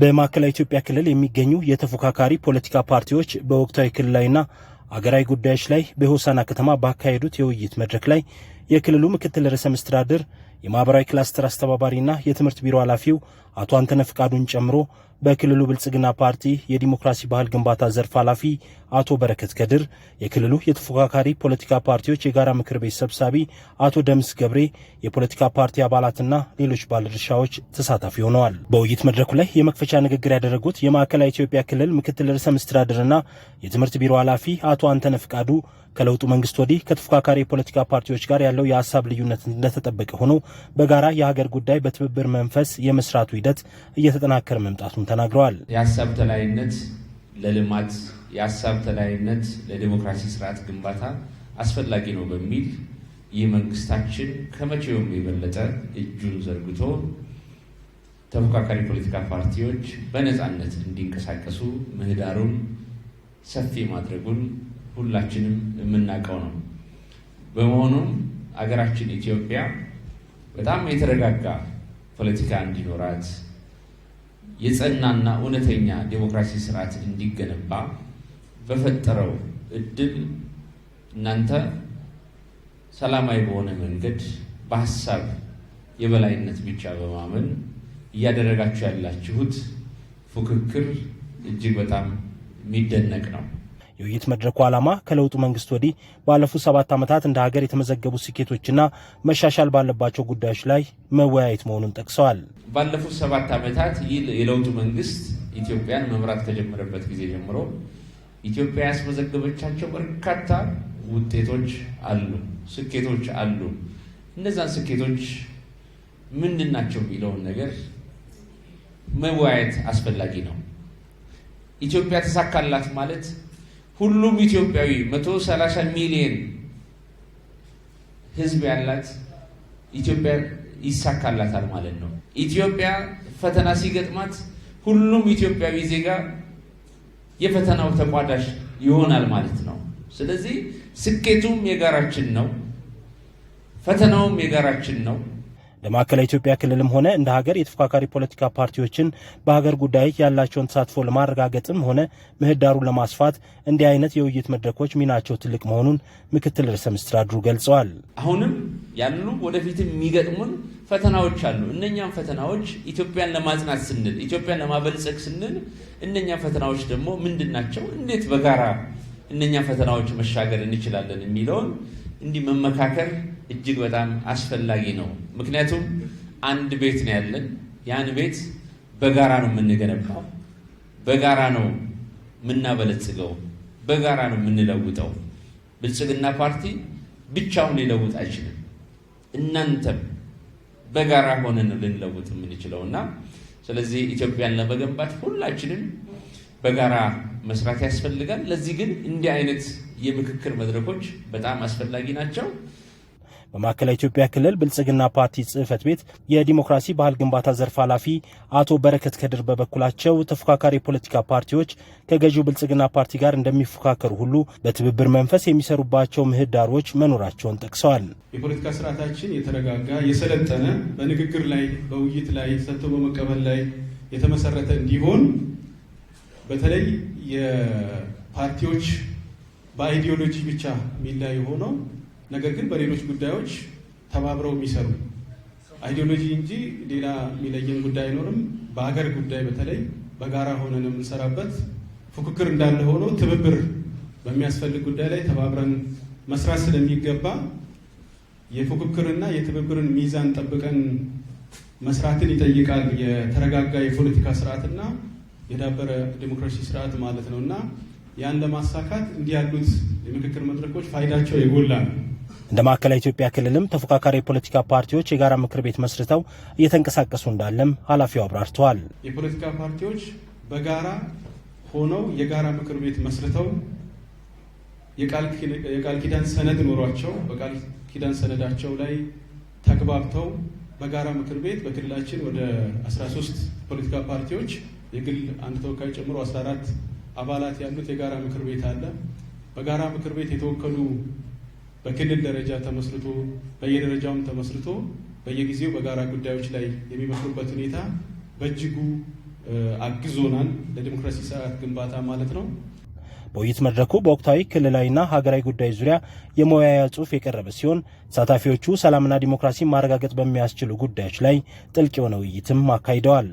በማዕከላዊ ኢትዮጵያ ክልል የሚገኙ የተፎካካሪ ፖለቲካ ፓርቲዎች በወቅታዊ ክልላዊና አገራዊ ጉዳዮች ላይ በሆሳና ከተማ ባካሄዱት የውይይት መድረክ ላይ የክልሉ ምክትል ርዕሰ መስተዳድር የማኅበራዊ ክላስተር አስተባባሪና የትምህርት ቢሮ ኃላፊው አቶ አንተነ ፍቃዱን ጨምሮ በክልሉ ብልጽግና ፓርቲ የዲሞክራሲ ባህል ግንባታ ዘርፍ ኃላፊ አቶ በረከት ከድር፣ የክልሉ የተፎካካሪ ፖለቲካ ፓርቲዎች የጋራ ምክር ቤት ሰብሳቢ አቶ ደምስ ገብሬ፣ የፖለቲካ ፓርቲ አባላትና ሌሎች ባለድርሻዎች ተሳታፊ ሆነዋል። በውይይት መድረኩ ላይ የመክፈቻ ንግግር ያደረጉት የማዕከላዊ ኢትዮጵያ ክልል ምክትል ርዕሰ መስተዳድርና የትምህርት ቢሮ ኃላፊ አቶ አንተነ ፍቃዱ ከለውጡ መንግስት ወዲህ ከተፎካካሪ የፖለቲካ ፓርቲዎች ጋር ያለው የሀሳብ ልዩነት እንደተጠበቀ ሆኖ በጋራ የሀገር ጉዳይ በትብብር መንፈስ የመስራቱ ሂደት እየተጠናከረ መምጣቱን መሆኑን ተናግረዋል። የሀሳብ ተለያይነት ለልማት የሀሳብ ተለያይነት ለዲሞክራሲ ስርዓት ግንባታ አስፈላጊ ነው በሚል ይህ መንግስታችን ከመቼውም የበለጠ እጁን ዘርግቶ ተፎካካሪ ፖለቲካ ፓርቲዎች በነፃነት እንዲንቀሳቀሱ ምህዳሩን ሰፊ ማድረጉን ሁላችንም የምናውቀው ነው። በመሆኑም አገራችን ኢትዮጵያ በጣም የተረጋጋ ፖለቲካ እንዲኖራት የጸናና እውነተኛ ዴሞክራሲ ስርዓት እንዲገነባ በፈጠረው እድል እናንተ ሰላማዊ በሆነ መንገድ በሀሳብ የበላይነት ብቻ በማመን እያደረጋችሁ ያላችሁት ፉክክር እጅግ በጣም የሚደነቅ ነው። የውይይት መድረኩ ዓላማ ከለውጡ መንግስት ወዲህ ባለፉት ሰባት ዓመታት እንደ ሀገር የተመዘገቡ ስኬቶችና መሻሻል ባለባቸው ጉዳዮች ላይ መወያየት መሆኑን ጠቅሰዋል። ባለፉት ሰባት ዓመታት ይህ የለውጡ መንግስት ኢትዮጵያን መምራት ከጀመረበት ጊዜ ጀምሮ ኢትዮጵያ ያስመዘገበቻቸው በርካታ ውጤቶች አሉ፣ ስኬቶች አሉ። እነዛን ስኬቶች ምንድን ናቸው የሚለውን ነገር መወያየት አስፈላጊ ነው። ኢትዮጵያ ተሳካላት ማለት ሁሉም ኢትዮጵያዊ 130 ሚሊዮን ህዝብ ያላት ኢትዮጵያ ይሳካላታል ማለት ነው። ኢትዮጵያ ፈተና ሲገጥማት ሁሉም ኢትዮጵያዊ ዜጋ የፈተናው ተቋዳሽ ይሆናል ማለት ነው። ስለዚህ ስኬቱም የጋራችን ነው፣ ፈተናውም የጋራችን ነው። እንደ ማዕከላዊ ኢትዮጵያ ክልልም ሆነ እንደ ሀገር የተፎካካሪ ፖለቲካ ፓርቲዎችን በሀገር ጉዳይ ያላቸውን ተሳትፎ ለማረጋገጥም ሆነ ምህዳሩን ለማስፋት እንዲህ አይነት የውይይት መድረኮች ሚናቸው ትልቅ መሆኑን ምክትል ርዕሰ መስተዳድሩ ገልጸዋል። አሁንም ያሉ ወደፊትም የሚገጥሙን ፈተናዎች አሉ። እነኛም ፈተናዎች ኢትዮጵያን ለማጽናት ስንል፣ ኢትዮጵያን ለማበልጸግ ስንል እነኛም ፈተናዎች ደግሞ ምንድን ናቸው? እንዴት በጋራ እነኛ ፈተናዎች መሻገር እንችላለን የሚለውን እንዲህ መመካከር እጅግ በጣም አስፈላጊ ነው። ምክንያቱም አንድ ቤት ነው ያለን። ያን ቤት በጋራ ነው የምንገነባው፣ በጋራ ነው የምናበለጽገው፣ በጋራ ነው የምንለውጠው። ብልጽግና ፓርቲ ብቻውን ሊለውጥ አይችልም። እናንተም በጋራ ሆነን ልንለውጥ የምንችለው እና ስለዚህ ኢትዮጵያን ለመገንባት ሁላችንም በጋራ መስራት ያስፈልጋል። ለዚህ ግን እንዲህ አይነት የምክክር መድረኮች በጣም አስፈላጊ ናቸው። በማዕከላዊ ኢትዮጵያ ክልል ብልጽግና ፓርቲ ጽህፈት ቤት የዲሞክራሲ ባህል ግንባታ ዘርፍ ኃላፊ አቶ በረከት ከድር በበኩላቸው ተፎካካሪ የፖለቲካ ፓርቲዎች ከገዢው ብልጽግና ፓርቲ ጋር እንደሚፎካከሩ ሁሉ በትብብር መንፈስ የሚሰሩባቸው ምህዳሮች መኖራቸውን ጠቅሰዋል። የፖለቲካ ስርዓታችን የተረጋጋ፣ የሰለጠነ በንግግር ላይ በውይይት ላይ ሰጥቶ በመቀበል ላይ የተመሰረተ እንዲሆን በተለይ የፓርቲዎች በአይዲዮሎጂ ብቻ ሚላ ሆነው ነገር ግን በሌሎች ጉዳዮች ተባብረው የሚሰሩ አይዲዮሎጂ እንጂ ሌላ የሚለየን ጉዳይ አይኖርም። በሀገር ጉዳይ በተለይ በጋራ ሆነን የምንሰራበት ፉክክር እንዳለ ሆኖ ትብብር በሚያስፈልግ ጉዳይ ላይ ተባብረን መስራት ስለሚገባ የፉክክርና የትብብርን ሚዛን ጠብቀን መስራትን ይጠይቃል የተረጋጋ የፖለቲካ ስርዓትና የዳበረ ዲሞክራሲ ስርዓት ማለት ነው እና ያን ለማሳካት እንዲህ ያሉት የምክክር መድረኮች ፋይዳቸው የጎላ ነው። እንደ ማዕከላዊ ኢትዮጵያ ክልልም ተፎካካሪ የፖለቲካ ፓርቲዎች የጋራ ምክር ቤት መስርተው እየተንቀሳቀሱ እንዳለም ኃላፊው አብራርተዋል። የፖለቲካ ፓርቲዎች በጋራ ሆነው የጋራ ምክር ቤት መስርተው የቃል ኪዳን ሰነድ ኖሯቸው በቃል ኪዳን ሰነዳቸው ላይ ተግባብተው በጋራ ምክር ቤት በክልላችን ወደ 13 ፖለቲካ ፓርቲዎች የግል አንድ ተወካይ ጨምሮ 14 አባላት ያሉት የጋራ ምክር ቤት አለ። በጋራ ምክር ቤት የተወከሉ በክልል ደረጃ ተመስርቶ በየደረጃውም ተመስርቶ በየጊዜው በጋራ ጉዳዮች ላይ የሚመክሩበት ሁኔታ በእጅጉ አግዞናል፣ ለዲሞክራሲ ስርዓት ግንባታ ማለት ነው። በውይይት መድረኩ በወቅታዊ ክልላዊና ሀገራዊ ጉዳይ ዙሪያ የመወያያ ጽሑፍ የቀረበ ሲሆን ተሳታፊዎቹ ሰላምና ዲሞክራሲ ማረጋገጥ በሚያስችሉ ጉዳዮች ላይ ጥልቅ የሆነ ውይይትም አካሂደዋል።